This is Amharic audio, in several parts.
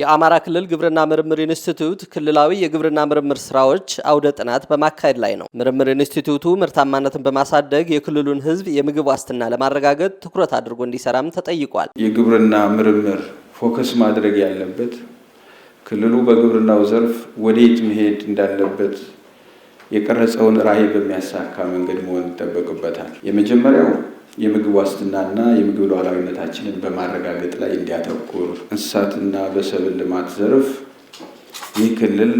የአማራ ክልል ግብርና ምርምር ኢንስቲትዩት ክልላዊ የግብርና ምርምር ስራዎች አውደ ጥናት በማካሄድ ላይ ነው። ምርምር ኢንስቲትዩቱ ምርታማነትን በማሳደግ የክልሉን ሕዝብ የምግብ ዋስትና ለማረጋገጥ ትኩረት አድርጎ እንዲሰራም ተጠይቋል። የግብርና ምርምር ፎከስ ማድረግ ያለበት ክልሉ በግብርናው ዘርፍ ወዴት መሄድ እንዳለበት የቀረጸውን ራዕይ በሚያሳካ መንገድ መሆን ይጠበቅበታል። የመጀመሪያው የምግብ ዋስትናና የምግብ ሉዓላዊነታችንን በማረጋገጥ ላይ እንዲያተኩር እንስሳትና በሰብል ልማት ዘርፍ ይህ ክልል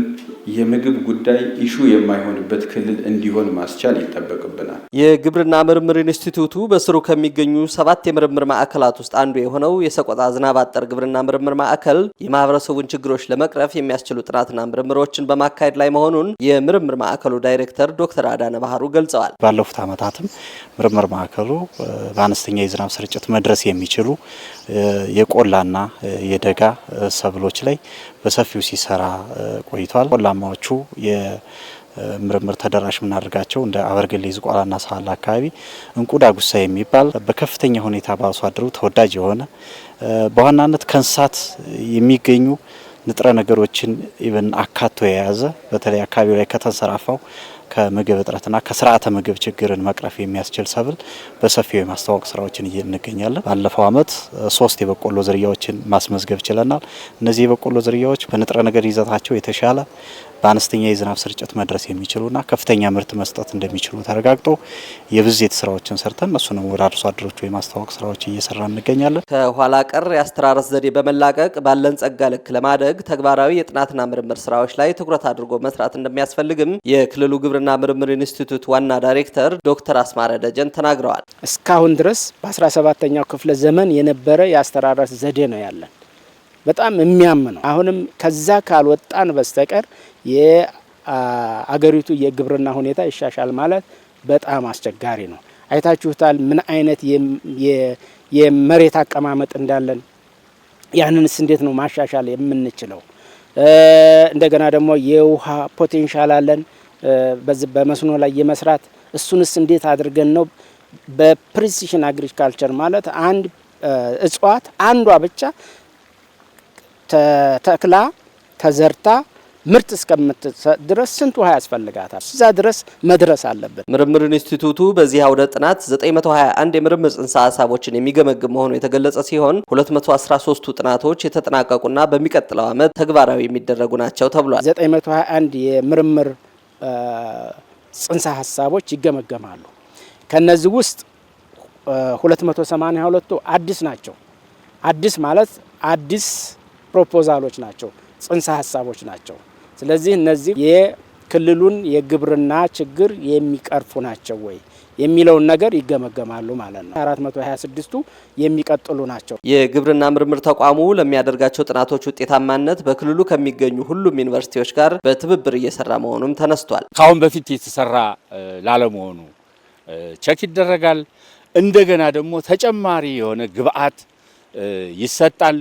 የምግብ ጉዳይ ኢሹ የማይሆንበት ክልል እንዲሆን ማስቻል ይጠበቅብናል። የግብርና ምርምር ኢንስቲትዩቱ በስሩ ከሚገኙ ሰባት የምርምር ማዕከላት ውስጥ አንዱ የሆነው የሰቆጣ ዝናብ አጠር ግብርና ምርምር ማዕከል የማህበረሰቡን ችግሮች ለመቅረፍ የሚያስችሉ ጥናትና ምርምሮችን በማካሄድ ላይ መሆኑን የምርምር ማዕከሉ ዳይሬክተር ዶክተር አዳነ ባህሩ ገልጸዋል። ባለፉት ዓመታትም ምርምር ማዕከሉ በአነስተኛ የዝናብ ስርጭት መድረስ የሚችሉ የቆላና የደጋ ሰብሎች ላይ በሰፊው ሲሰራ ቆይቷል። ውጤታማዎቹ የምርምር ተደራሽ የምናደርጋቸው እንደ አበርገሌ ዝቋላና ሳህላ አካባቢ እንቁ ዳጉሳ የሚባል በከፍተኛ ሁኔታ በአርሶ አደሩ ተወዳጅ የሆነ በዋናነት ከእንስሳት የሚገኙ ንጥረ ነገሮችን ኢቨን አካቶ የያዘ በተለይ አካባቢ ላይ ከተንሰራፋው ከምግብ እጥረትና ከስርዓተ ምግብ ችግርን መቅረፍ የሚያስችል ሰብል በሰፊው የማስተዋወቅ ስራዎችን እንገኛለን። ባለፈው ዓመት ሶስት የበቆሎ ዝርያዎችን ማስመዝገብ ችለናል። እነዚህ የበቆሎ ዝርያዎች በንጥረ ነገር ይዘታቸው የተሻለ በአነስተኛ የዝናብ ስርጭት መድረስ የሚችሉና ከፍተኛ ምርት መስጠት እንደሚችሉ ተረጋግጦ የብዜት ስራዎችን ሰርተን እሱንም ወደ አርሶ አደሮቹ የማስተዋወቅ ስራዎች እየሰራ እንገኛለን። ከኋላ ቀር የአስተራረስ ዘዴ በመላቀቅ ባለን ጸጋ ልክ ለማደግ ተግባራዊ የጥናትና ምርምር ስራዎች ላይ ትኩረት አድርጎ መስራት እንደሚያስፈልግም የክልሉ ግብርና ምርምር ኢንስቲትዩት ዋና ዳይሬክተር ዶክተር አስማረ ደጀን ተናግረዋል። እስካሁን ድረስ በ17ኛው ክፍለ ዘመን የነበረ የአስተራረስ ዘዴ ነው ያለን በጣም የሚያም ነው። አሁንም ከዛ ካልወጣን በስተቀር የአገሪቱ የግብርና ሁኔታ ይሻሻል ማለት በጣም አስቸጋሪ ነው። አይታችሁታል፣ ምን አይነት የመሬት አቀማመጥ እንዳለን። ያንንስ እንዴት ነው ማሻሻል የምንችለው? እንደገና ደግሞ የውሃ ፖቴንሻል አለን በዚህ በመስኖ ላይ የመስራት እሱንስ እንዴት አድርገን ነው በፕሪሲሽን አግሪካልቸር ማለት አንድ እጽዋት አንዷ ብቻ ተተክላ ተዘርታ ምርት እስከምትሰጥ ድረስ ስንት ውሃ ያስፈልጋታል? እዛ ድረስ መድረስ አለብን። ምርምር ኢንስቲትዩቱ በዚህ አውደ ጥናት 921 የምርምር ጽንሰ ሀሳቦችን የሚገመግም መሆኑ የተገለጸ ሲሆን 213ቱ ጥናቶች የተጠናቀቁና በሚቀጥለው ዓመት ተግባራዊ የሚደረጉ ናቸው ተብሏል። 921 የምርምር ጽንሰ ሀሳቦች ይገመገማሉ። ከነዚህ ውስጥ 282ቱ አዲስ ናቸው። አዲስ ማለት አዲስ ፕሮፖዛሎች ናቸው፣ ጽንሰ ሀሳቦች ናቸው። ስለዚህ እነዚህ የክልሉን የግብርና ችግር የሚቀርፉ ናቸው ወይ የሚለውን ነገር ይገመገማሉ ማለት ነው። የሚቀጥሉ ናቸው። የግብርና ምርምር ተቋሙ ለሚያደርጋቸው ጥናቶች ውጤታማነት በክልሉ ከሚገኙ ሁሉም ዩኒቨርሲቲዎች ጋር በትብብር እየሰራ መሆኑም ተነስቷል። ከአሁን በፊት የተሰራ ላለመሆኑ ቸክ ይደረጋል። እንደገና ደግሞ ተጨማሪ የሆነ ግብአት ይሰጣል።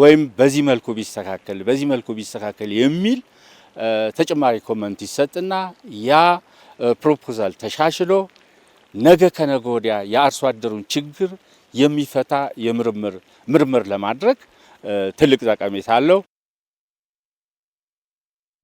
ወይም በዚህ መልኩ ቢስተካከል በዚህ መልኩ ቢስተካከል የሚል ተጨማሪ ኮመንት ይሰጥና ያ ፕሮፖዛል ተሻሽሎ ነገ ከነገ ወዲያ የአርሶ አደሩን ችግር የሚፈታ የምርምር ምርምር ለማድረግ ትልቅ ጠቀሜታ አለው።